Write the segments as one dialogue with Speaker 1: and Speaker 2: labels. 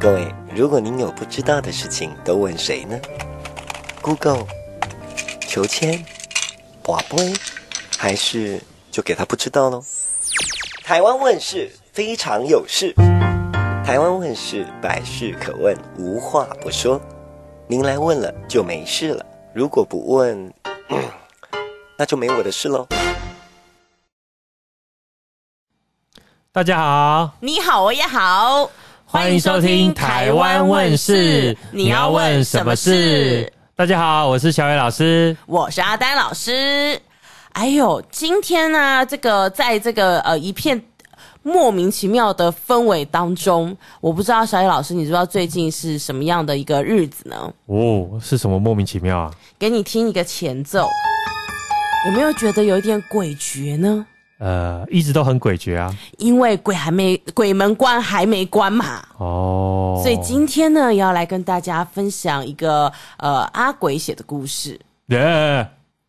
Speaker 1: 各位，如果您有不知道的事情，都問誰呢？Google、求籤、拔杯，還是就給他不知道嘍？台灣問事非常有事，台灣問事百事可問，無話不說。您來問了就沒事了，如果不問，嗯，那就沒我的事嘍。大家好，
Speaker 2: 你好，我也好。歡迎收聽《台灣問
Speaker 1: 世》，你要問什麼事？大家好，我是小野老師，
Speaker 2: 我是阿丹老師。哎呦，今天呢、啊，這個在這個呃一片莫名其妙的氛圍當中，我不知道小野老師，你知道最近是什麼樣的一個日子呢？哦，
Speaker 1: 是什麼莫名其妙
Speaker 2: 啊？給你聽一個前奏，有沒有覺得有一點詭譎呢？
Speaker 1: 呃，一直都很詭譎啊，
Speaker 2: 因為鬼還沒，鬼門關還沒關嘛。
Speaker 1: 哦，所以今
Speaker 2: 天呢，要來跟大家分享一個呃阿鬼寫的故事。
Speaker 1: 耶、yeah, yeah，yeah, yeah，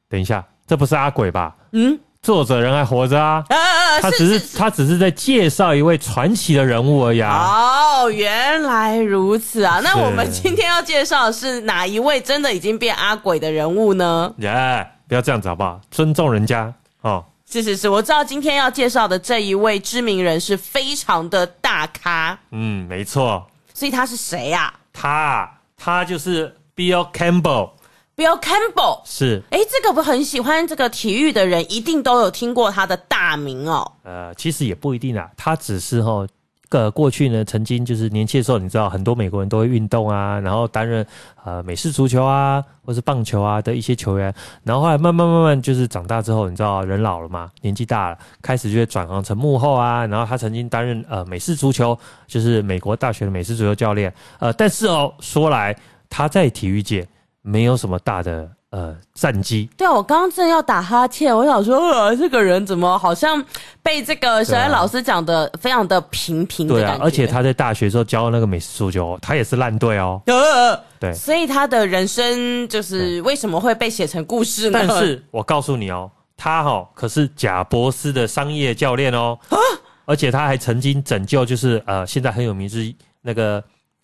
Speaker 1: 等一下，這不是阿鬼吧？嗯，作者人還活着啊，啊，啊，啊，啊，啊。他只是，是，是，是，是他只是在介紹一位傳奇的人物而已、啊。
Speaker 2: 哦，原來如此啊。那我們今天要介紹的是哪一位真的已經變阿鬼的人物呢？
Speaker 1: 耶、yeah，不要這樣子好不好？尊重人家哦。
Speaker 2: 是是是，我知道今天要介紹的這一位知名人士非常的大咖。嗯，
Speaker 1: 沒錯。
Speaker 2: 所以他是誰啊？
Speaker 1: 他啊，他就是 Bill Campbell。
Speaker 2: Bill Campbell。是。哎，這個不很喜歡，這個體育的人一定都有聽過他的大名哦。呃，
Speaker 1: 其實也不一定啊，他只是哈、哦。個過去呢，曾經就是年輕的時候，你知道很多美國人都會運動啊，然後擔任呃美式足球啊，或是棒球啊的一些球員，然後後來慢慢慢慢就是長大之後，你知道人老了嘛，年紀大了，開始就會轉行成幕後啊，然後他曾經擔任呃美式足球，就是美國大學的美式足球教練，呃，但是哦說來他在體育界沒有什麼大的。呃，戰機。
Speaker 2: 對啊，我剛剛正要打哈欠，我想說，呃，這個人怎麼好像被這個小愛老師講得非常的平平的對、啊？對啊，而且他在
Speaker 1: 大學時候教那個美式足球，他也是爛隊哦呃
Speaker 2: 呃。對，所以他的人生就是為什麼會被寫成故事呢？呢、嗯？但是
Speaker 1: 我告訴你哦，他哈、哦、可是賈伯斯的商業教練哦、啊，而且他還曾經拯救，就是呃，現在很有名之那個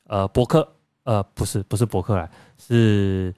Speaker 1: 呃，伯克，呃，不是不是博客來是。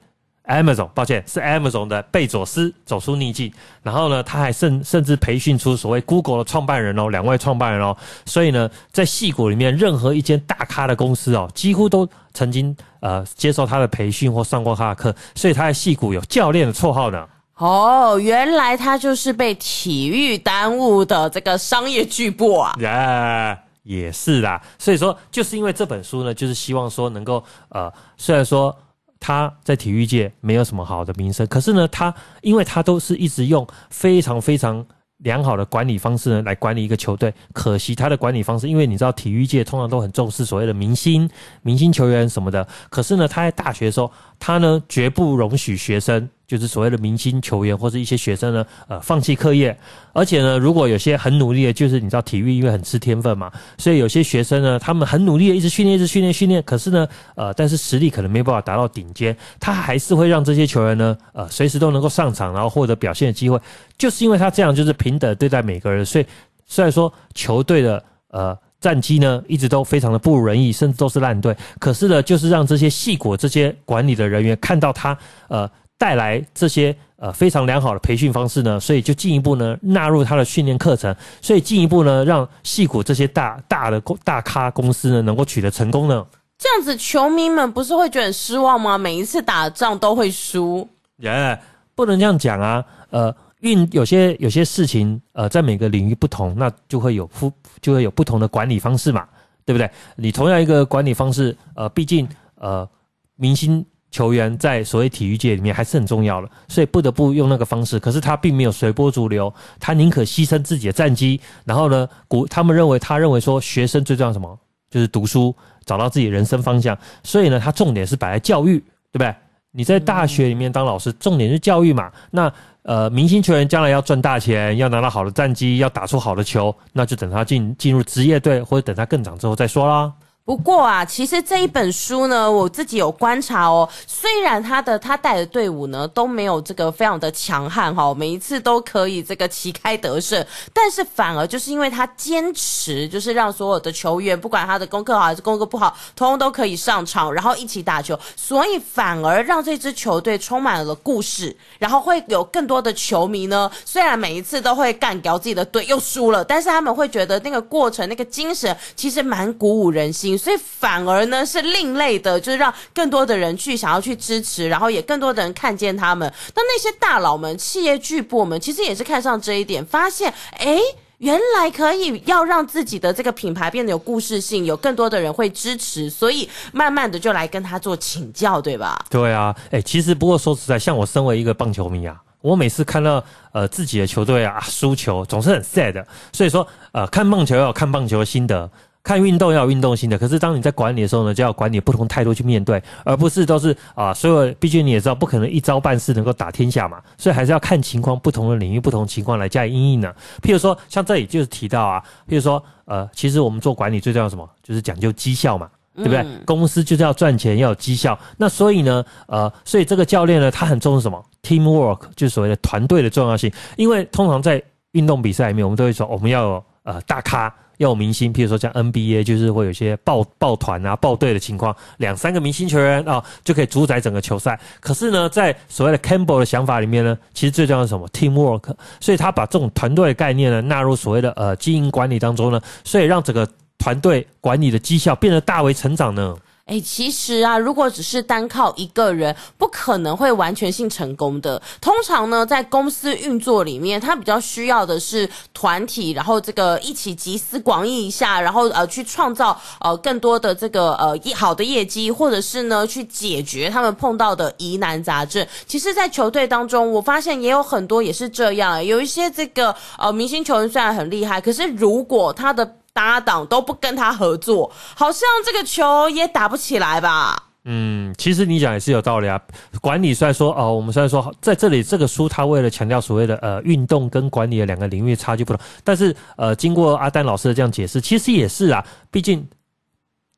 Speaker 1: Amazon，抱歉，是 Amazon 的貝佐斯走出逆境，然後呢，他還甚甚至培訓出所謂 Google 的創辦人哦，兩位創辦人哦，所以呢，在矽谷裡面，任何一間大咖的公司哦，幾乎都曾經呃接受他的培訓或上過他的課，所以他在矽谷有教練的綽號呢。
Speaker 2: 哦，原來他就是被體育耽誤的這個商業巨擘啊！
Speaker 1: 耶、啊，也是啦，所以說就是因為這本書呢，就是希望說能夠呃，雖然說。他在體育界沒有什麼好的名聲，可是呢，他因為他都是一直用非常非常良好的管理方式呢來管理一個球隊。可惜他的管理方式，因為你知道體育界通常都很重視所謂的明星、明星球員什麼的。可是呢，他在大學的時候，他呢絕不容許學生。就是所謂的明星球員或者一些學生呢，呃，放棄課業，而且呢，如果有些很努力的，就是你知道體育因為很吃天分嘛，所以有些學生呢，他們很努力的一直訓練，一直訓練，訓練，可是呢，呃，但是實力可能沒辦法達到頂尖，他還是會讓這些球員呢，呃，隨時都能夠上場，然後獲得表現的機會，就是因為他這樣就是平等對待每個人，所以雖然說球隊的呃，戰績呢，一直都非常的不如人意，甚至都是爛隊，可是呢，就是讓這些細果這些管理的人員看到他，呃。帶來這些呃非常良好的培訓方式呢，所以就進一步呢納入他的訓練課程，所以進一步呢讓矽谷這些大大的大咖公司呢能夠取得成功呢。
Speaker 2: 這樣子，球迷們不是會覺得失望嗎？每一次打仗都會輸，
Speaker 1: 耶，不能這樣講啊。呃，運有些有些事情，呃，在每個領域不同，那就會有夫，就會有不同的管理方式嘛，對不對？你同樣一個管理方式，呃，畢竟呃明星。球員在所謂體育界裡面還是很重要的，所以不得不用那個方式。可是他並沒有隨波逐流，他寧可犧牲自己的戰績。然後呢，他們認為他認為說，學生最重要什麼？就是讀書，找到自己人生方向。所以呢，他重點是擺在教育，對不對？你在大學裡面當老師，重點是教育嘛。那呃，明星球員將來要賺大錢，要拿到好的戰績，要打出好的球，那就等他進進入職業隊，或者等他更長之後再說啦。
Speaker 2: 不過啊，其實這一本書呢，我自己有觀察哦。雖然他的他帶的隊伍呢都沒有這個非常的強悍哦，每一次都可以這個旗開得勝，但是反而就是因為他堅持，就是讓所有的球員不管他的功課好還是功課不好，通通都可以上場，然後一起打球，所以反而讓這支球隊充滿了故事，然後會有更多的球迷呢。雖然每一次都會幹掉自己的隊又輸了，但是他們會覺得那個過程那個精神其實蠻鼓舞人心。所以反而呢是另類的，就是讓更多的人去想要去支持，然後也更多的人看見他們。那那些大佬們、企業巨擘們，其實也是看上這一點，發現誒，原來可以要讓自己的這個品牌變得有故事性，有更多的人會支持，所以慢慢的就來跟他做請教，對吧？
Speaker 1: 對啊，誒、欸，其實不過說實在，像我身為一個棒球迷啊，我每次看到呃自己的球隊啊輸球，總是很 sad。所以說呃，看棒球要有看棒球的心得。看運動要有運動性的，可是當你在管理的時候呢，就要管理不同態度去面對，而不是都是啊、呃。所有，畢竟你也知道，不可能一招半式能夠打天下嘛，所以還是要看情況，不同的領域、不同情況來加以因應用、啊、的。譬如說，像這裡就是提到啊，譬如說，呃，其實我們做管理最重要的是什麼，就是講究績效嘛，對不對？嗯、公司就是要賺錢，要有績效。那所以呢，呃，所以這個教練呢，他很重視什麼？teamwork，就所謂的團隊的重要性。因為通常在運動比賽裡面，我們都會說，我們要有呃大咖。要有明星，譬如說像 NBA，就是會有些抱抱團啊、抱隊的情況，兩三個明星球員啊、哦，就可以主宰整個球賽。可是呢，在所謂的 Campbell 的想法裡面呢，其實最重要是什麼？Teamwork。所以他把這種團隊的概念呢，納入所謂的呃經營管理當中呢，所以讓整個團隊管理的績效變得大為成長呢。
Speaker 2: 哎，其實啊，如果只是單靠一個人，不可能會完全性成功的。通常呢，在公司運作裡面，他比較需要的是團體，然後這個一起集思廣益一下，然後呃，去創造呃更多的這個呃好的業績，或者是呢去解決他們碰到的疑難雜症。其實，在球隊當中，我發現也有很多也是這樣，有一些這個呃明星球員雖然很厲害，可是如果他的搭檔都不跟他合作，好像這個球也打不起來吧？嗯，
Speaker 1: 其實你講也是有道理啊。管理雖然說哦、呃，我們雖然說在這裡這個書，他為了強調所謂的呃運動跟管理的兩個領域差距不同，但是呃，經過阿丹老師的這樣解釋，其實也是啊。畢竟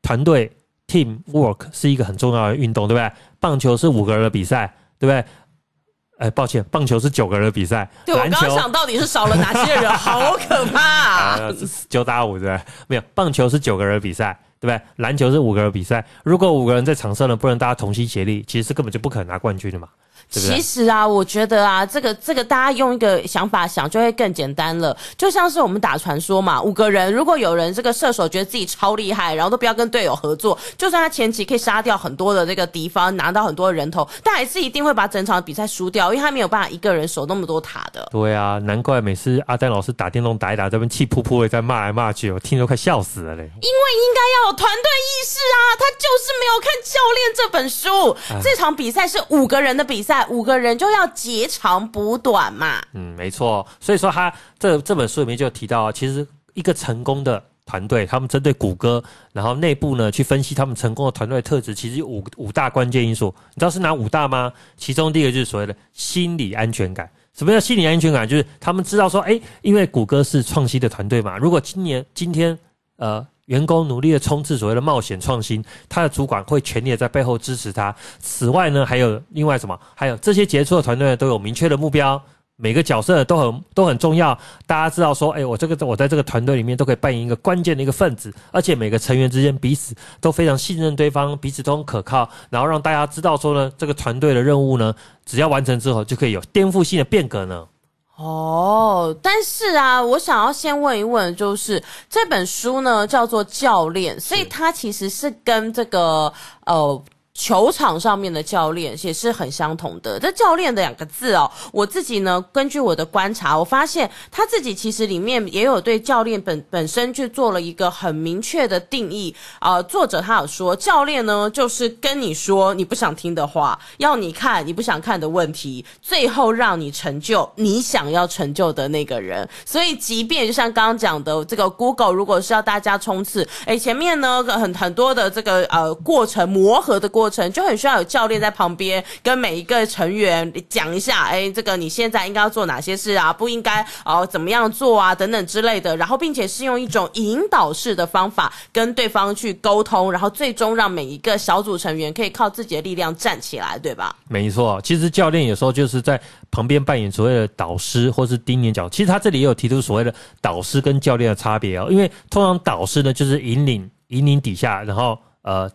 Speaker 1: 團隊 team work 是一個很重要的運動，對不對？棒球是五個人的比賽，對不對？哎、欸，抱歉，棒球是九個人的比賽，對，我剛剛想
Speaker 2: 到底是少了哪些人， 好可怕
Speaker 1: 啊！呃、九打五對不對？沒有，棒球是九個人的比賽對不對？籃球是五個人的比賽。如果五個人在場上呢，不能大家同心協力，其實是根本就不可能拿冠軍的嘛。對對，其實
Speaker 2: 啊，我覺得啊，這個這個，大家用一個想法想，就會更簡單了。就像是我們打傳說嘛，五個人，如果有人這個射手覺得自己超厲害，然後都不要跟隊友合作，就算他前期可以殺掉很多的這個敵方，拿到很多人頭，但還是一定會把整場比賽輸掉，因為他沒有辦法一個人守那麼多塔的。
Speaker 1: 對啊，難怪每次阿丹老師打電動打一打，這邊氣噗噗的在罵來罵去，我聽着都快笑死了嘞。
Speaker 2: 因為應該要有團隊意識啊，他就是沒有看教練這本書。這場比賽是五個人的比賽。五個人就要截長補短嘛，
Speaker 1: 嗯，沒錯。所以說他這這本書裡面就提到，其實一個成功的團隊，他們針對谷歌，然後內部呢去分析他們成功的團隊的特質，其實有五五大關鍵因素，你知道是哪五大嗎？其中第一個就是所謂的心理安全感。什麼叫心理安全感？就是他們知道說，哎，因為谷歌是創新的團隊嘛，如果今年今天呃。員工努力的衝刺，所謂的冒險創新，他的主管會全力的在背後支持他。此外呢，還有另外什麼？還有這些傑出的團隊都有明確的目標，每個角色都很都很重要。大家知道說，哎、欸，我這個我在這個團隊裡面都可以扮演一個關鍵的一個分子，而且每個成員之間彼此都非常信任對方，彼此都很可靠。然後讓大家知道說呢，這個團隊的任務呢，只要完成之後就可以有顛覆性的變革呢。
Speaker 2: 哦，但是啊，我想要先問一問，就是這本書呢叫做《教練》，所以它其實是跟這個呃。球場上面的教練也是很相同的。這“教練”的兩個字哦，我自己呢，根據我的觀察，我發現他自己其實裡面也有對教練本本身去做了一個很明確的定義啊、呃。作者他有說，教練呢就是跟你說你不想聽的話，要你看你不想看的問題，最後讓你成就你想要成就的那個人。所以，即便就像剛剛講的，這個 Google 如果是要大家衝刺，哎，前面呢很很多的這個呃過程，磨合的過程。就很需要有教練在旁邊跟每一個成員講一下，哎、欸，這個你現在應該要做哪些事啊？不應該哦，怎麼樣做啊？等等之類的。然後，並且是用一種引導式的方法跟對方去溝通，然後最終讓每一個小組成員可以靠自己的力量站起來，對吧？
Speaker 1: 沒錯，其實教練有時候就是在旁邊扮演所謂的導師，或是盯眼角。其實他這裡也有提出所謂的導師跟教練的差別哦，因為通常導師呢，就是引領、引領底下，然後呃。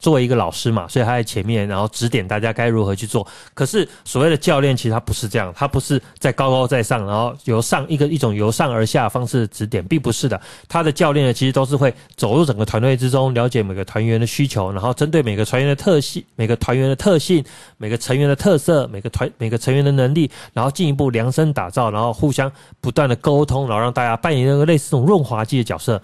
Speaker 1: 作為一個老師嘛，所以他在前面，然後指點大家該如何去做。可是所謂的教練，其實他不是這樣，他不是在高高在上，然後由上一個一種由上而下的方式指點，並不是的。他的教練呢，其實都是會走入整個團隊之中，了解每個團員的需求，然後針對每個團員的特性、每個團員的特性、每個成員的特色、每個團每個成員的能力，然後進一步量身打造，然後互相不斷的溝通，然後讓大家扮演那個類似這種潤滑劑的角色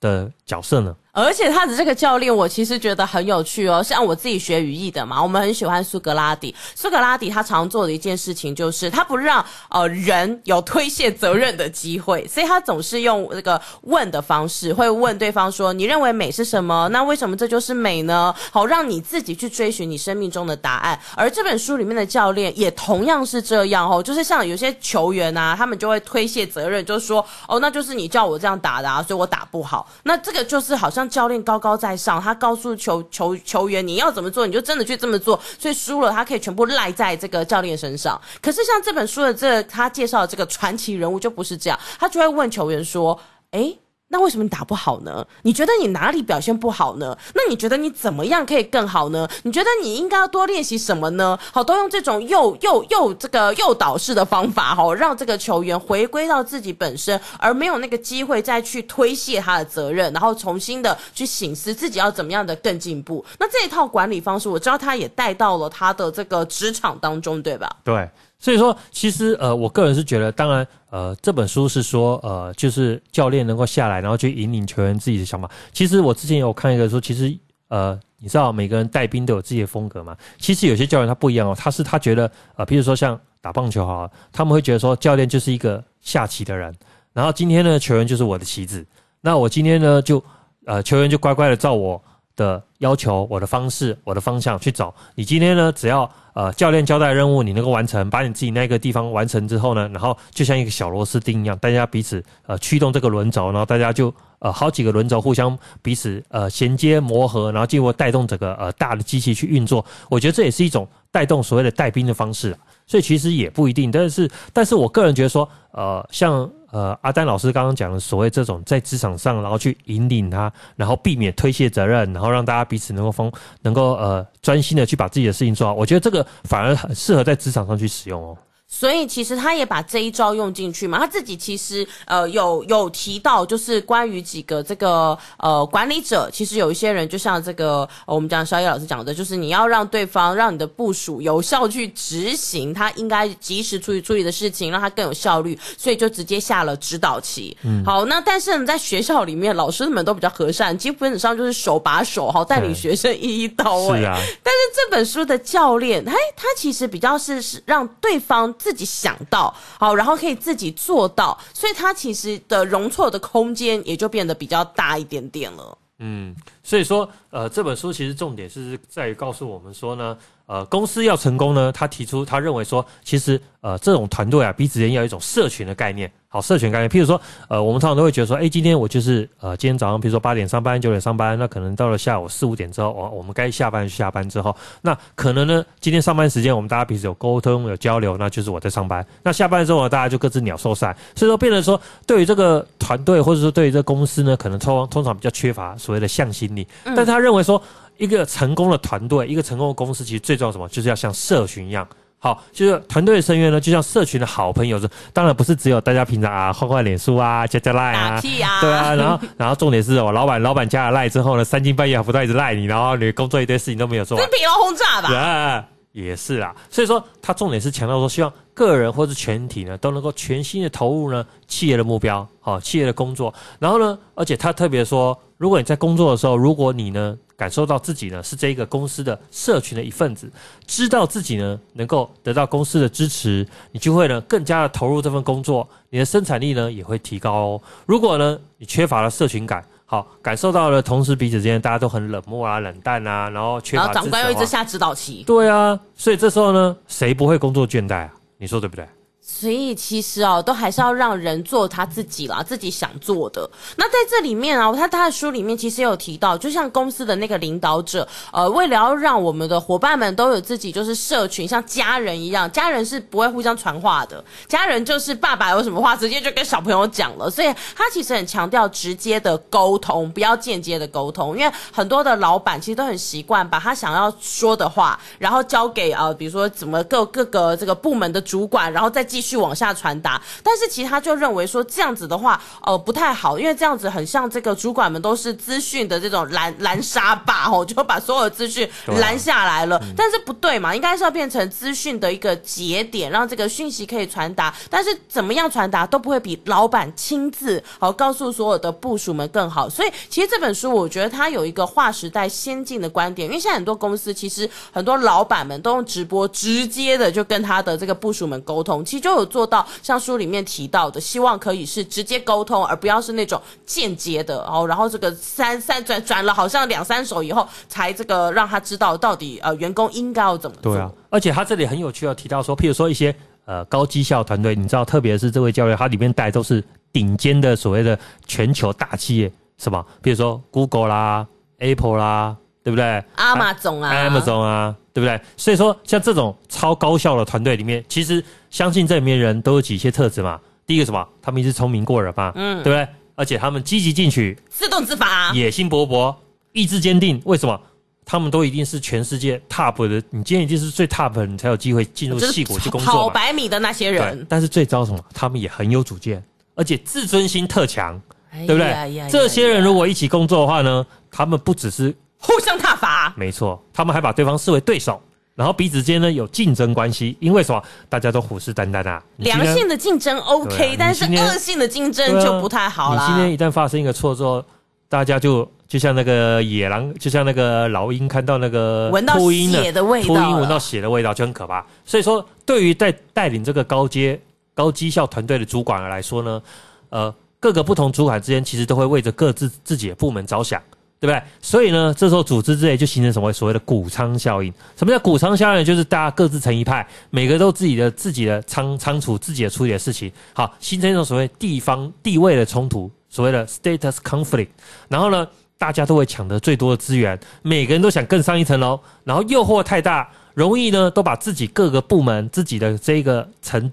Speaker 1: 的。角色呢？
Speaker 2: 而且他的這個教練，我其實覺得很有趣哦。像我自己學語義的嘛，我們很喜歡蘇格拉底。蘇格拉底他常做的一件事情就是，他不讓呃人有推卸責任的機會，所以他總是用那個問的方式，會問對方說：“你認為美是什麼？那為什麼這就是美呢？”好，讓你自己去追尋你生命中的答案。而這本書裡面的教練也同樣是這樣哦，就是像有些球員啊，他們就會推卸責任，就是說：“哦，那就是你叫我這樣打的啊，所以我打不好。”那這個這就是好像教練高高在上，他告訴球球球員你要怎麼做，你就真的去這麼做。所以輸了，他可以全部賴在這個教練身上。可是像這本書的這個，他介紹的這個傳奇人物就不是這樣，他就會問球員說：“誒、欸。那為什麼你打不好呢？你覺得你哪裡表現不好呢？那你覺得你怎麼樣可以更好呢？你覺得你應該要多練習什麼呢？好，都用這種誘誘誘這個誘導式的方法，好，讓這個球員回歸到自己本身，而沒有那個機會再去推卸他的責任，然後重新的去省思自己要怎麼樣的更進步。那這一套管理方式，我知道他也帶到了他的這個職場當中，對吧？
Speaker 1: 對。所以說，其實呃，我個人是覺得，當然呃，這本書是說呃，就是教練能夠下來，然後去引領球員自己的想法。其實我之前有看一個說，其實呃，你知道每個人帶兵都有自己的風格嘛。其實有些教練他不一樣哦，他是他覺得呃，比如說像打棒球哈，他們會覺得說，教練就是一個下棋的人，然後今天呢，球員就是我的棋子，那我今天呢就呃，球員就乖乖的照我。的要求，我的方式，我的方向去走。你今天呢，只要呃教練交代任務，你能夠完成，把你自己那個地方完成之後呢，然後就像一個小螺絲釘一樣，大家彼此呃驅動這個輪軸，然後大家就呃好幾個輪軸互相彼此呃銜接磨合，然後進而帶動整個呃大的機器去運作。我覺得這也是一種帶動所謂的帶兵的方式。所以其實也不一定，但是，但是我個人覺得說，呃，像呃阿丹老師剛剛講的所謂這種在職場上，然後去引領他，然後避免推卸責任，然後讓大家彼此能夠封能夠呃專心的去把自己的事情做好，我覺得這個反而很適合在職場上去使用哦。
Speaker 2: 所以其實他也把這一招用進去嘛，他自己其實呃有有提到，就是關於幾個這個呃管理者，其實有一些人就像這個、哦、我們講肖毅老師講的，就是你要讓對方讓你的部屬有效去執行，他應該及時處理處理的事情，讓他更有效率，所以就直接下了指導棋。嗯、好，那但是你在學校裡面，老師們都比較和善，基本上就是手把手，好帶領學生一一到位、嗯。是啊，但是這本書的教練，哎，他其實比較是是讓對方。自己想到好，然後可以自己做到，所以它其實的容錯的空間也就變得比較大一點點了。
Speaker 1: 嗯，所以說，呃，這本書其實重點是在於告訴我們說呢。呃，公司要成功呢，他提出他認為說，其實呃，這種團隊啊，彼此間要有一種社群的概念，好，社群概念。譬如說，呃，我們通常都會覺得說，哎，今天我就是呃，今天早上譬如說八點上班，九點上班，那可能到了下午四五點之後，我我們該下班就下班之後，那可能呢，今天上班時間我們大家彼此有溝通有交流，那就是我在上班，那下班之後大家就各自鳥獸散，所以說變成說，對於這個團隊或者說對於這公司呢，可能通通常比較缺乏所謂的向心力，嗯，但是他認為說。一個成功的團隊，一個成功的公司，其實最重要的是什麼？就是要像社群一樣，好，就是團隊的成員呢，就像社群的好朋友是，當然不是只有大家平常啊，換換臉書啊，加加 Line 啊，打屁啊，啊對啊，然後 然後重點是，我老板老板加了 Line 之後呢，三更半夜還不斷一直賴你，然後你工作一堆事情都沒有做，
Speaker 2: 疲勞轟炸吧？啊，
Speaker 1: 也是啊，所以說他重點是強調說，希望個人或是全體呢，都能夠全心的投入呢，企業的目標，好，企業的工作，然後呢，而且他特別說，如果你在工作的時候，如果你呢。感受到自己呢是這一個公司的社群的一份子，知道自己呢能夠得到公司的支持，你就會呢更加的投入這份工作，你的生產力呢也會提高哦。如果呢你缺乏了社群感，好，感受到了同時彼此之間大家都很冷漠啊、冷淡啊，然後缺乏，然後長官又一直下
Speaker 2: 指導棋，對啊，
Speaker 1: 所以這時候呢誰不會工作倦怠啊？你說對不對？
Speaker 2: 所以其實哦，都還是要讓人做他自己啦，自己想做的。那在這裡面啊，他他的書裡面其實也有提到，就像公司的那個領導者，呃，為了要讓我們的夥伴們都有自己就是社群，像家人一樣。家人是不會互相傳話的，家人就是爸爸有什麼話直接就跟小朋友講了。所以他其實很強調直接的溝通，不要間接的溝通，因為很多的老闆其實都很習慣把他想要說的話，然後交給，呃，比如說怎麼各各個這個部門的主管，然後再。繼續往下傳達，但是其實他就認為說這樣子的話，呃不太好，因為這樣子很像這個主管們都是資訊的這種攔攔沙壩哦， 就把所有的資訊攔下來了，啊嗯。但是不對嘛，應該是要變成資訊的一個節點，讓這個訊息可以傳達。但是怎麼樣傳達都不會比老板親自好，呃、告訴所有的部署們更好。所以其實這本書我覺得它有一個劃時代先進的觀點，因為現在很多公司其實很多老板們都用直播直接的就跟他的這個部署們溝通，其實。就有做到像書裡面提到的，希望可以是直接溝通，而不要是那種間接的哦。然後這個三三轉轉了，好像兩三手以後，才這個讓他知道到底呃員工應該要怎麼做。
Speaker 1: 對啊，而且他這裡很有趣要提到說，譬如說一些呃高績效團隊，你知道，特別是這位教練，他裡面帶都是頂尖的所謂的全球大企業，什麼譬如說 Google 啦、啊、Apple 啦、啊，對不對？Amazon 啊，啊，Amazon 啊，對不對？所以說，像這種超高效的團隊裡面，其實。相信這裡面人都有幾些特質嘛。第一個什麼？他們一直聰明過人嘛，嗯，對不對？而且他們積極進取，
Speaker 2: 自動自發，
Speaker 1: 野心勃勃，意志堅定。為什麼？他們都一定是全世界 top 的，你今天一定是最 top 的，你才有機會進入矽谷去工作。跑
Speaker 2: 百米的那些人。
Speaker 1: 但是最糟什麼？他們也很有主見，而且自尊心特強，
Speaker 2: 對不對？這些
Speaker 1: 人如果一起工作的話呢？他們不只是
Speaker 2: 互相撻伐，
Speaker 1: 沒錯，他們還把對方視為對手。然後彼此之間呢，有競爭關係，因為什麼？大家都虎視眈眈、眈啊！良性的
Speaker 2: 競爭 OK，啊，但是惡性的競爭就不太好啊。你今天一
Speaker 1: 旦發生一個錯之後，大家就就像那個野狼，就像那個老鷹，看到那個禿鷹聞到血的禿鷹聞到血的味道，就很可怕。所以說，對於在帶、帶領這個高階高績效團隊的主管來說呢，呃，各個不同主管之間其實都會為着各自自己的部門着想。對不對？所以呢，這時候組織之內就形成什麼所謂的“谷倉效應”？什麼叫“谷倉效應”？就是大家各自成一派，每個都自己的自己的倉倉儲自己的處理的事情，好，形成一種所謂地方地位的衝突，所謂的 “status conflict”。然後呢，大家都會搶得最多的資源，每個人都想更上一層樓，然後誘惑太大，容易呢都把自己各個部門自己的這一個層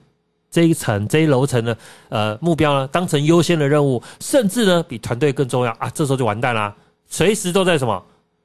Speaker 1: 這一層這一樓層的呃目標呢當成優先的任務，甚至呢比團隊更重要啊！這時候就完蛋啦。隨時都在什麼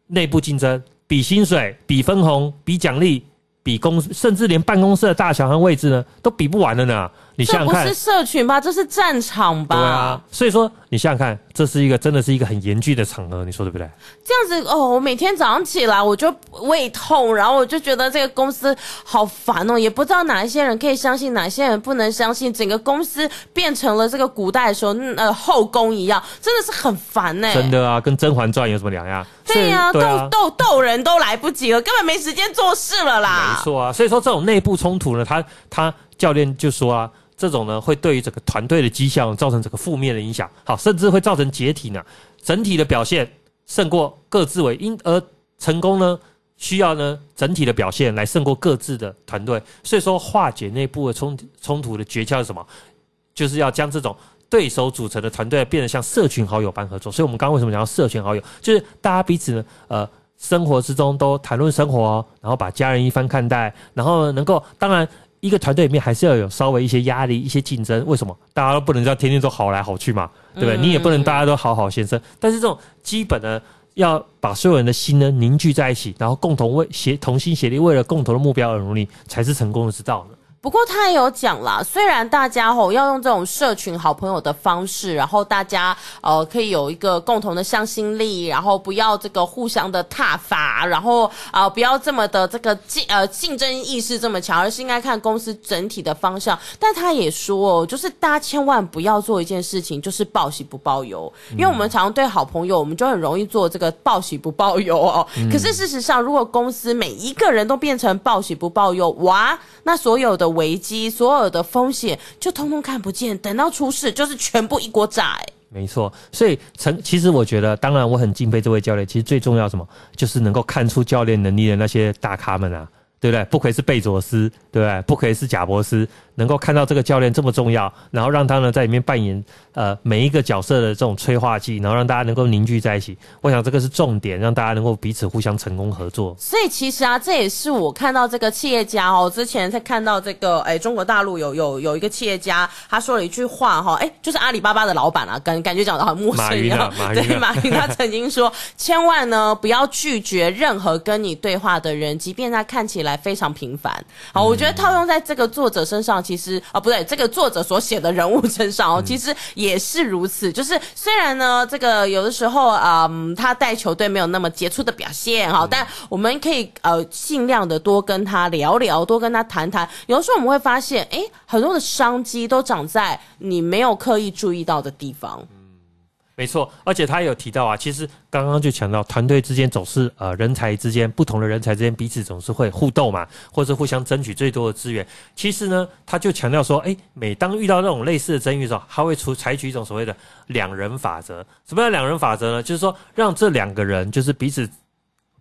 Speaker 1: 內部競爭，比薪水、比分紅、比獎勵、比公司，甚至連辦公室的大小和位置呢，都比不完的呢。這不是
Speaker 2: 社群吧，你想想看？這是戰場吧？
Speaker 1: 對啊，所以說你想想看，這是一個真的是一個很嚴峻的場合，你說對不對？
Speaker 2: 這樣子哦，我每天早上起來我就胃痛，然後我就覺得這個公司好煩哦，也不知道哪一些人可以相信，哪一些人不能相信，整個公司變成了這個古代的時候呃後宮一樣，真的是很煩呢、欸。真
Speaker 1: 的啊，跟《甄嬛傳》有什麼兩樣？對啊，鬥鬥
Speaker 2: 鬥人都來不及了，根本沒時間做事了啦。沒
Speaker 1: 錯啊，所以說這種內部衝突呢，他他教練就說啊。這種呢，會對於整個團隊的績效造成整個負面的影響，好，甚至會造成解體呢。整體的表現勝過各自為，因而成功呢，需要呢整體的表現來勝過各自的團隊。所以說，化解內部的衝衝突的訣竅是什麼？就是要將這種對手組成的團隊變得像社群好友般合作。所以，我們剛剛為什麼講到社群好友？就是大家彼此呢呃生活之中都談論生活，喔，然後把家人一番看待，然後能夠當然。一個團隊裡面還是要有稍微一些壓力、一些競爭，為什麼？大家都不能這樣天天都好來好去嘛，嗯、對不對、嗯？你也不能大家都好好先生。嗯嗯、但是這種基本呢，要把所有人的心呢凝聚在一起，然後共同為協同心協力，為了共同的目標而努力，才是成功的之道呢。
Speaker 2: 不過他也有講啦，雖然大家吼、哦、要用這種社群好朋友的方式，然後大家呃可以有一個共同的向心力，然後不要這個互相的撻伐，然後啊、呃、不要這麼的這個競呃競爭意識這麼強，而是應該看公司整體的方向。但他也說、哦，就是大家千萬不要做一件事情，就是報喜不報憂、嗯，因為我們常常對好朋友，我們就很容易做這個報喜不報憂哦、嗯。可是事實上，如果公司每一個人都變成報喜不報憂，哇，那所有的。危機，所有的風險就通通看不見，等到出事就是全部一鍋炸、欸。
Speaker 1: 沒錯，所以成其實我覺得，當然我很敬佩這位教練。其實最重要是什麼，就是能夠看出教練能力的那些大咖們啊，對不對？不愧是貝佐斯，對不對？不愧是賈伯斯。能夠看到這個教練這麼重要，然後讓他呢在裡面扮演呃每一個角色的這種催化劑，然後讓大家能夠凝聚在一起。我想這個是重點，讓大家能夠彼此互相成功合作。
Speaker 2: 所以其實啊，這也是我看到這個企業家哦，之前在看到這個哎、欸、中國大陸有有有一個企業家，他說了一句話哈，哎、欸，就是阿里巴巴的老闆啊，感感覺講的很陌生一樣，馬雲、啊啊、對，馬雲、啊、他曾經說， 千萬呢不要拒絕任何跟你對話的人，即便他看起來非常平凡。好，我覺得套用在這個作者身上。其實啊，不對，這個作者所寫的人物身上哦，其實也是如此，嗯。就是雖然呢，這個有的時候啊、嗯，他帶球隊沒有那麼傑出的表現哈、嗯，但我們可以呃盡量的多跟他聊聊，多跟他談談。有的時候我們會發現，誒、欸，很多的商機都長在你沒有刻意注意到的地方。
Speaker 1: 沒錯，而且他有提到啊，其實剛剛就講到團隊之間總是呃人才之間不同的人才之間彼此總是會互鬥嘛，或者互相爭取最多的資源。其實呢，他就強調說，哎、欸，每當遇到這種類似的爭議的時候，他會出採取一種所謂的兩人法則。什麼叫兩人法則呢？就是說讓這兩個人，就是彼此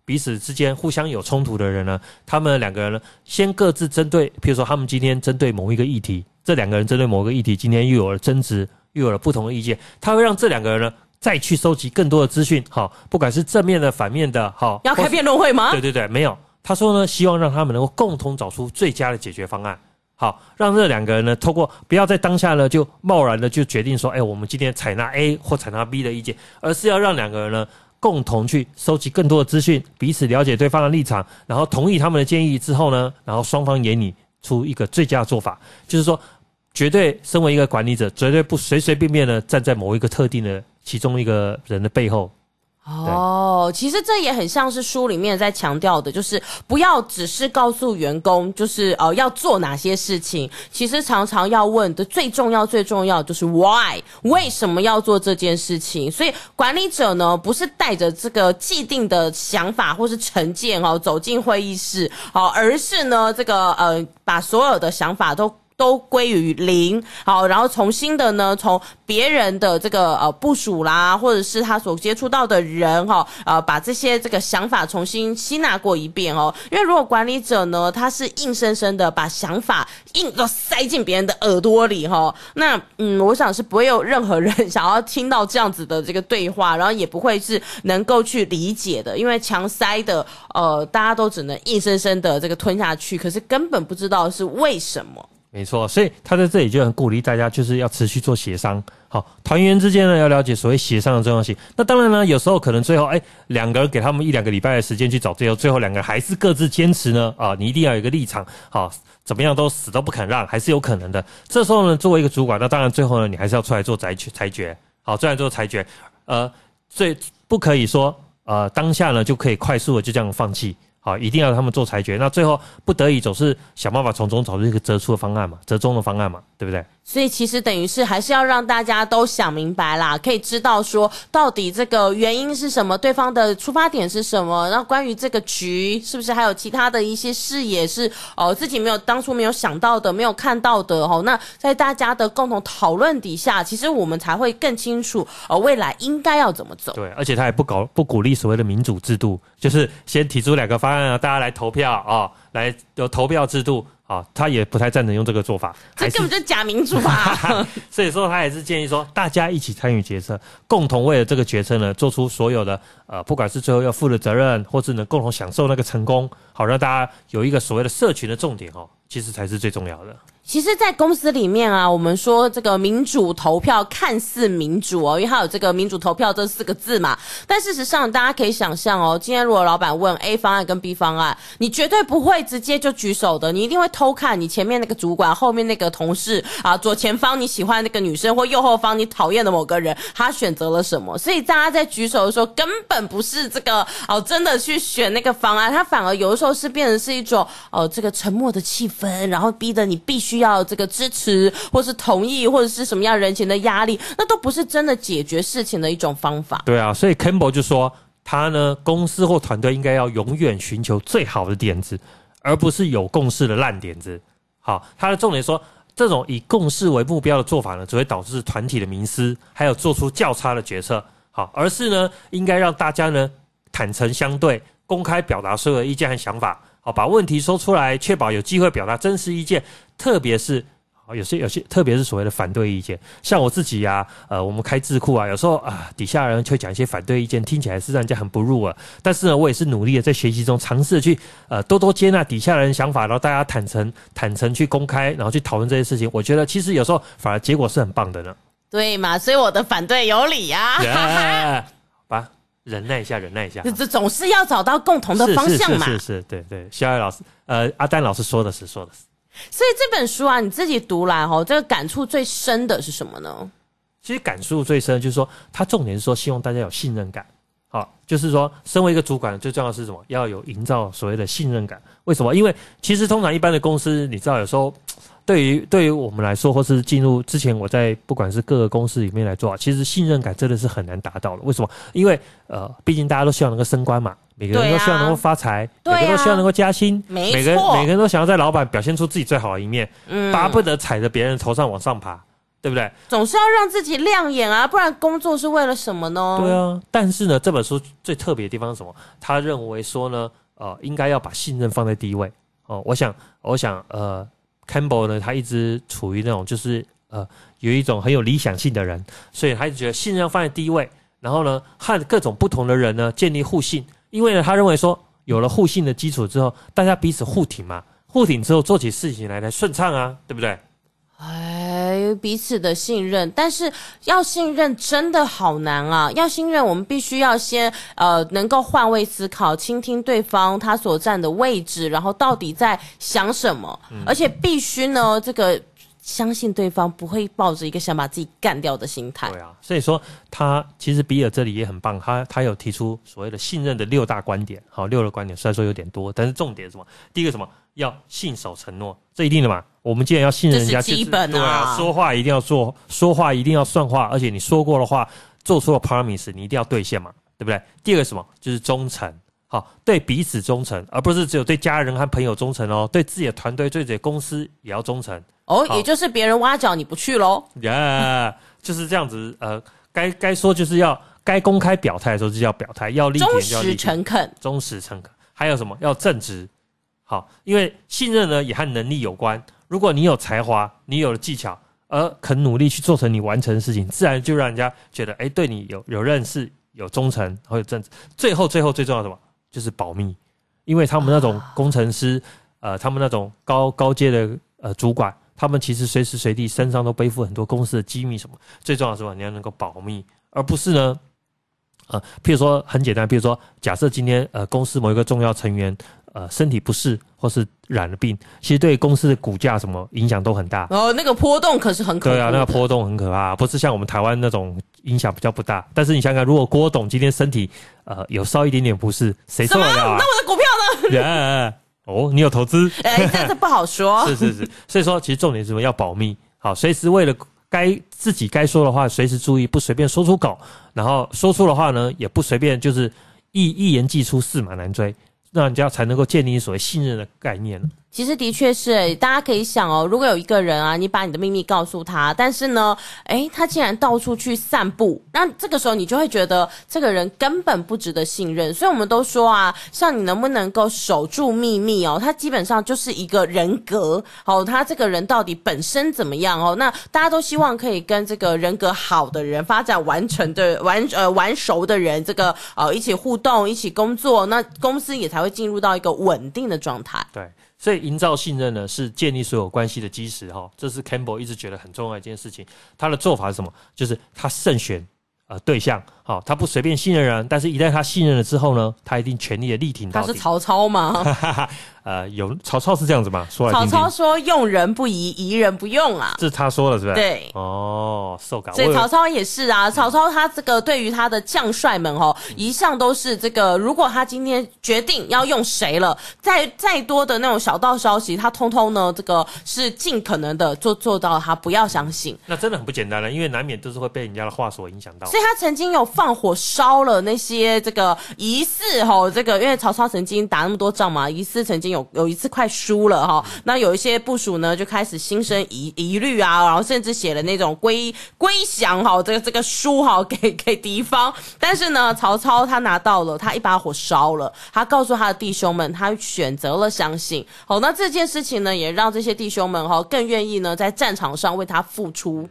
Speaker 1: 彼此之間互相有衝突的人呢，他們兩個人呢，先各自針對，譬如說他們今天針對某一個議題，這兩個人針對某個議題，今天又有了爭執。有了不同的意見，他會讓這兩個人呢再去收集更多的資訊，好，不管是正面的、反面的，好，要開辯論會嗎？對對對，沒有。他說呢，希望讓他們能夠共同找出最佳的解決方案，好，讓這兩個人呢，透過不要在當下呢就貿然的就決定說，哎、欸，我們今天採納 A 或採納 B 的意見，而是要讓兩個人呢共同去收集更多的資訊，彼此了解對方的立場，然後同意他們的建議之後呢，然後雙方研擬出一個最佳的做法，就是說。絕對，身為一個管理者，絕對不隨隨便便的站在某一個特定的其中一個人的背後。
Speaker 2: 哦，其實這也很像是書裡面在強調的，就是不要只是告訴員工，就是哦、呃，要做哪些事情。其實常常要問的最重要、最重要的就是 why，嗯，為什麼要做這件事情？所以管理者呢，不是帶着這個既定的想法或是成見哦走進會議室哦、呃，而是呢這個呃把所有的想法都。都歸於零，好，然後重新的呢，從別人的這個呃部屬啦，或者是他所接觸到的人哈、哦，呃，把這些這個想法重新吸納過一遍哦。因為如果管理者呢，他是硬生生的把想法硬都、哦、塞進別人的耳朵裡哈、哦，那嗯，我想是不會有任何人想要聽到這樣子的這個對話，然後也不會是能夠去理解的，因為強塞的呃，大家都只能硬生生的這個吞下去，可是根本不知道是為什麼。
Speaker 1: 沒錯，所以他在這裡就很鼓勵大家，就是要持續做協商。好，團員之間呢，要了解所謂協商的重要性。那當然呢，有時候可能最後，哎、欸，兩個人給他們一兩個禮拜的時間去找，最後最後兩個人還是各自堅持呢。啊，你一定要有一個立場，好，怎麼樣都死都不肯讓，還是有可能的。這時候呢，作為一個主管，那當然最後呢，你還是要出來做裁決，裁決。好，出來做裁決。呃，最不可以說，呃，當下呢就可以快速的就這樣放棄。好，一定要讓他們做裁決。那最後不得已，總是想辦法從中找出一個折出的方案嘛，折中的方案嘛，對不對？
Speaker 2: 所以其實等於是還是要讓大家都想明白啦，可以知道說到底這個原因是什麼，對方的出發點是什麼。然後關於這個局，是不是還有其他的一些視野是呃自己沒有當初沒有想到的、沒有看到的？哦，那在大家的共同討論底下，其實我們才會更清楚呃未來應該要怎麼走。對，
Speaker 1: 而且他也不搞不鼓勵所謂的民主制度，就是先提出兩個方案，大家來投票啊、哦，來有投票制度。啊、哦，他也不太贊成用這個做法，這根本就
Speaker 2: 假民主啊！
Speaker 1: 所以說，他也是建議說，大家一起參與決策，共同為了這個決策呢做出所有的呃，不管是最後要負的責任，或是能共同享受那個成功，好讓大家有一個所謂的社群的重點哦，其實才是最重要的。
Speaker 2: 其實，在公司裡面啊，我們說這個民主投票看似民主哦，因為它有這個民主投票這四個字嘛。但事實上，大家可以想象哦，今天如果老闆問 A 方案跟 B 方案，你絕對不會直接就舉手的，你一定會偷看你前面那個主管，後面那個同事啊，左前方你喜歡那個女生，或右後方你討厭的某個人，他選擇了什麼？所以大家在舉手的時候，根本不是這個哦，真的去選那個方案，他反而有的時候是變成是一種哦，這個沉默的氣氛，然後逼得你必須。要這個支持，或是同意，或者是什麼樣的人情的壓力，那都不是真的解決事情的一種方法。
Speaker 1: 對啊，所以 Campbell 就說，他呢公司或團隊應該要永遠尋求最好的點子，而不是有共識的爛點子。好，他的重點說，這種以共識為目標的做法呢，只會導致團體的迷思，還有做出較差的決策。好，而是呢，應該讓大家呢坦誠相對，公開表達所有意見和想法。把問題說出來，確保有機會表達真實意見，特別是有些有些，特別是所謂的反對意見，像我自己啊，呃，我們開智庫啊，有時候啊，底下人卻講一些反對意見，聽起來是讓人家很不入耳。但是呢，我也是努力的在學習中嘗試去呃多多接納底下人的想法，然後大家坦誠坦誠去公開，然後去討論這些事情。我覺得其實有時候反而結果是很棒的呢。
Speaker 2: 對嘛？所以我的反對有理呀、啊，哈哈。
Speaker 1: 忍耐一下，忍耐一下。
Speaker 2: 這總是要找到共同的方向嘛？是
Speaker 1: 是是，是，對對。肖艾老師，呃，阿丹老師說的是說的是。
Speaker 2: 所以這本書啊，你自己讀來哦，這個感觸最深的是什麼呢？
Speaker 1: 其實感觸最深的就是說，他重點是說希望大家有信任感。好，就是說，身為一個主管，最重要的是什麼？要有營造所謂的信任感。為什麼？因為其實通常一般的公司，你知道，有時候。對於對於我們來說，或是進入之前，我在不管是各個公司裡面來做，其實信任感，真的是很難達到的。為什麼？因為呃，畢竟大家都希望能夠升官嘛，每個人都希望能夠發財，啊、每個人都希望能夠加薪，啊、每個人每，每個人都想要在老板表現出自己最好的一面，嗯，巴不得踩着別人頭上往上爬，對不對？
Speaker 2: 總是要讓自己亮眼啊，不然工作是為了什麼呢？對啊。
Speaker 1: 但是呢，這本書最特別的地方是什麼？他認為說呢，呃，應該要把信任放在第一位哦、呃。我想，我想，呃。Campbell 呢，他一直處於那種就是呃，有一種很有理想性的人，所以他就覺得信任放在第一位。然後呢，和各種不同的人呢建立互信，因為呢，他認為說有了互信的基礎之後，大家彼此互挺嘛，互挺之後做起事情，來才順暢啊，對不對？哎
Speaker 2: ，Hey。對，彼此的信任，但是要信任真的好難啊！要信任，我們必須要先呃，能夠換位思考，傾聽對方他所站的位置，然後到底在想什麼。嗯、而且必須呢，這個相信對方不會抱着一個想把自己幹掉的心態。對啊，
Speaker 1: 所以說他其實比爾這裡也很棒，他他有提出所謂的信任的六大觀點。好，六的觀點雖然說有點多，但是重點是什麼？第一個是什麼？要信守承諾，這一定的嘛。我們既然要信任人家，基本啊，就是、對啊，說話一定要做，說話一定要算話，而且你說過的話，做出了 promise，你一定要兌現嘛，對不對？第二個什麼，就是忠誠，好，對彼此忠誠，而不是只有對家人和朋友忠誠哦，對自己的團隊、對自己的公司也要忠誠哦，也
Speaker 2: 就是別人挖角你不去嘍，
Speaker 1: 呀、啊，就是這樣子，呃，該該說就是要該公開表態的時候就要表態，要立，要立，言要誠懇，忠實誠懇，還有什麼要正直。好，因為信任呢也和能力有關。如果你有才華，你有了技巧，而肯努力去做成你完成的事情，自然就讓人家覺得，哎，對你有有認識、有忠誠，還有正直。最後，最後最重要的是什麼，就是保密。因為他們那種工程師，呃，他們那種高高階的呃主管，他們其實隨時隨地身上都背負很多公司的機密。什麼最重要？什麼你要能夠保密，而不是呢？呃，譬如說很簡單，譬如說，假設今天呃公司某一個重要成員。呃，身體不適或是染了病，其實對公司的股價什麼影響都很大。
Speaker 2: 哦，那個波動可是很可怕……可對啊，那個
Speaker 1: 波動很可怕，不是像我們台灣那種影響比較不大。但是你想想，如果郭董今天身體呃有稍一點點不適，誰受得了啊，啊？那我的股票呢耶、啊啊啊啊。哦，你有投資？哎，這是
Speaker 2: 不好說。 是是是，
Speaker 1: 所以說其實重點是什麼？要保密。好，隨時為了該自己該說的話，隨時注意不隨便說出口。然後說出的話呢，也不隨便就是一一言既出，駟馬難追。那人家才能夠建立所謂信任的概念呢。
Speaker 2: 其實的確是，大家可以想哦，如果有一個人啊，你把你的秘密告訴他，但是呢，哎，他竟然到處去散步，那這個時候你就會覺得這個人根本不值得信任。所以我們都說啊，像你能不能夠守住秘密哦，他基本上就是一個人格哦，他這個人到底本身怎麼樣哦？那大家都希望可以跟這個人格好的人、發展完成的完呃完熟的人，這個哦一起互動、一起工作，那公司也才會進入到一個穩定的狀態。
Speaker 1: 對。所以，營造信任呢，是建立所有關係的基石哈喔。這是 Campbell 一直覺得很重要的一件事情。他的做法是什麼？就是他慎選啊對象。好、哦，他不隨便信任人，但是一旦他信任了之後呢，他一定全力的力挺他。他是曹操嗎？ 呃，有，曹操是這樣子嘛？說來聽聽。曹操
Speaker 2: 說用人不疑，疑人不用啊，這
Speaker 1: 是他說的，是不是？對，哦、oh, so，受感。所以曹操
Speaker 2: 也是啊、嗯，曹操他這個對於他的將帥們哦，一向都是這個，如果他今天決定要用誰了，再再多的那種小道消息，他通通呢這個是盡可能的做做到他不要相信。
Speaker 1: 那真的很不簡單了，因為難免都是會被人家的話所影響到。所以他
Speaker 2: 曾經有。放火燒了那些這個疑似吼，這個因為曹操曾經打那麼多仗嘛，疑似曾經有有一次快輸了哈、哦，那有一些部屬呢就開始心生疑疑慮啊，然後甚至寫了那種歸歸降哈、哦，這個這個書哈、哦、給給敵方，但是呢，曹操他拿到了，他一把火燒了，他告訴他的弟兄們，他選擇了相信，好、哦，那這件事情呢也讓這些弟兄們哈、哦、更願意呢在戰場上為他付出，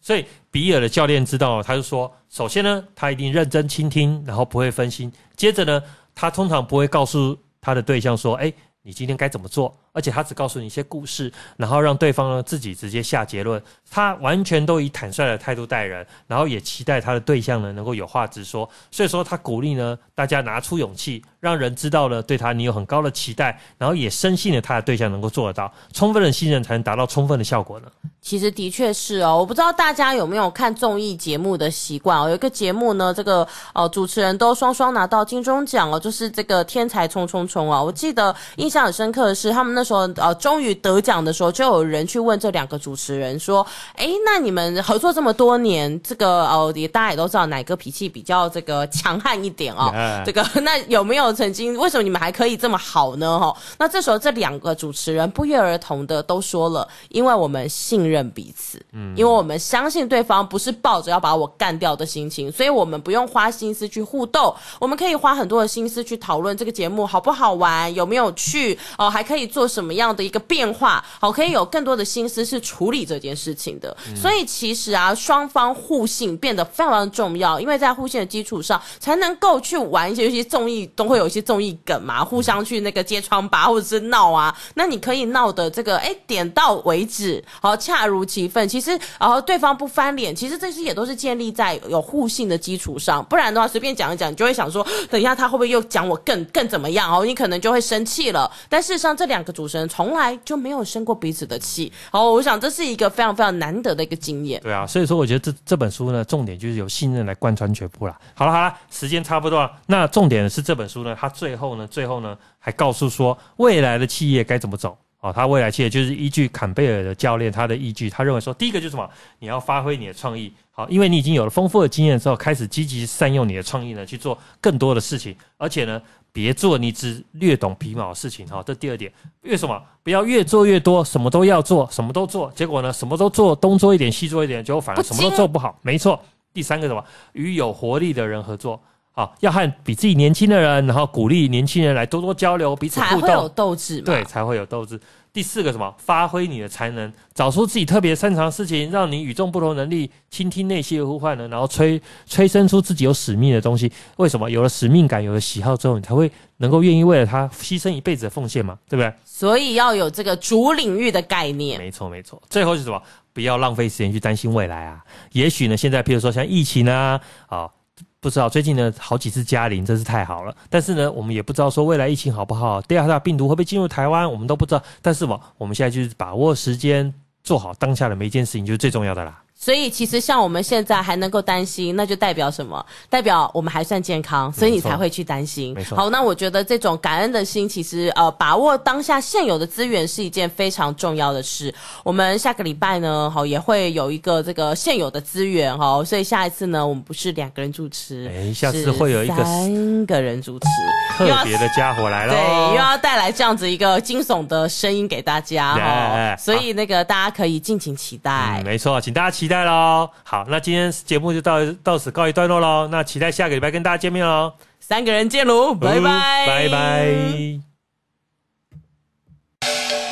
Speaker 1: 所以。比爾的教練知道，他就說：首先呢，他一定認真傾聽，然後不會分心；接着呢，他通常不會告訴他的對象說：“哎，你今天該怎麼做。”而且他只告訴你一些故事，然後讓對方呢自己直接下結論。他完全都以坦率的態度待人，然後也期待他的對象呢能夠有話直說。所以說他鼓勵呢大家拿出勇氣，讓人知道了對他你有很高的期待，然後也深信了他的對象能夠做得到。充分的信任才能達到充分的效果呢。
Speaker 2: 其實的確是哦，我不知道大家有沒有看綜藝節目的習慣哦。有一個節目呢，這個呃主持人都雙雙拿到金鐘獎哦，就是這個《天才衝衝衝》啊。我記得印象很深刻的是他們那。時候，呃，終於得獎的時候，就有人去問這兩個主持人說：“哎，那你們合作這麼多年，這個呃、哦，大家也都知道哪個脾氣比較這個強悍一點哦。嗯、這個那有沒有曾經為什麼你們還可以這麼好呢？哦，那這時候這兩個主持人不約而同的都說了：因為我們信任彼此，嗯，因為我們相信對方，不是抱着要把我幹掉的心情，所以我們不用花心思去互鬥，我們可以花很多的心思去討論這個節目好不好玩，有沒有趣哦，還可以做什麼樣的一個變化？好，可以有更多的心思去處理這件事情的。嗯、所以其實啊，雙方互信變得非常重要，因為在互信的基礎上，才能夠去玩一些，有些綜藝都會有一些綜藝梗嘛，互相去那個揭瘡疤，或者是鬧啊。那你可以鬧的這個，哎、欸，點到為止，好，恰如其分。其實，然後對方不翻臉，其實這些也都是建立在有互信的基礎上。不然的話，隨便講一講，你就會想說，等一下他會不會又講我更更怎麼樣？哦，你可能就會生氣了。但事實上這，這兩個從來就沒有生過彼此的氣，好，我想這是一個非常非常難得的一個經驗。對
Speaker 1: 啊，所以說我覺得這這本書呢，重點就是有信任來貫穿全部啦。好了好了，時間差不多了。那重點是這本書呢，它最後呢，最後呢，還告訴說未來的企業該怎麼走。好，他未來期就是依據坎貝爾的教練，他的依據，他認為說，第一個就是什麼，你要發揮你的創意。好，因為你已經有了豐富的經驗之後，開始積極善用你的創意呢，去做更多的事情，而且呢，別做你只略懂皮毛的事情。哈，這第二點，為什麼，不要越做越多，什麼都要做，什麼都做，結果呢，什麼都做，東做一點，西做一點，結果反而什麼都做不好。沒錯，第三個什麼，與有活力的人合作。好、哦，要和比自己年輕的人，然後鼓勵年輕人來多多交流，彼此互動，有鬥志嘛，對，才會有鬥志。第四個什麼？發揮你的才能，找出自己特別擅長的事情，讓你與眾不同能力，傾聽內心的呼喚，然後催催生出自己有使命的東西。為什麼？有了使命感，有了喜好之後，你才會能夠願意為了他犧牲一輩子的奉獻嘛，對不對？
Speaker 2: 所以要有這個主領域的概念，沒錯沒錯。
Speaker 1: 最後是什麼？不要浪費時間去擔心未來啊！也許呢，現在譬如說像疫情啊，啊、哦。不知道最近呢，好幾次加零，真是太好了。但是呢，我們也不知道說未來疫情好不好，第二大病毒會不會進入台灣，我們都不知道。但是嘛，我們現在就是把握時間，做好當下的每一件事情，就是最重要的啦。
Speaker 2: 所以其實像我們現在還能夠擔心，那就代表什麼？代表我們還算健康，所以你才會去擔心。沒錯，沒錯。好，那我覺得這種感恩的心，其實呃，把握當下現有的資源是一件非常重要的事。我們下個禮拜呢，好，也會有一個這個現有的資源哦，所以下一次呢，我們不是兩個人主持，哎，下次會有一個三個人主持，特別
Speaker 1: 的家伙來了，對，又要
Speaker 2: 帶來這樣子一個驚悚的聲音給大家哈、哎哎哎，所以那個大家可以敬請期待、
Speaker 1: 嗯。沒錯，請大家期待。好，那今天節目就到到此告一段落了。那期待下個禮拜跟大家見面嘍，三個人見嘍，拜拜、哦、拜拜。拜拜。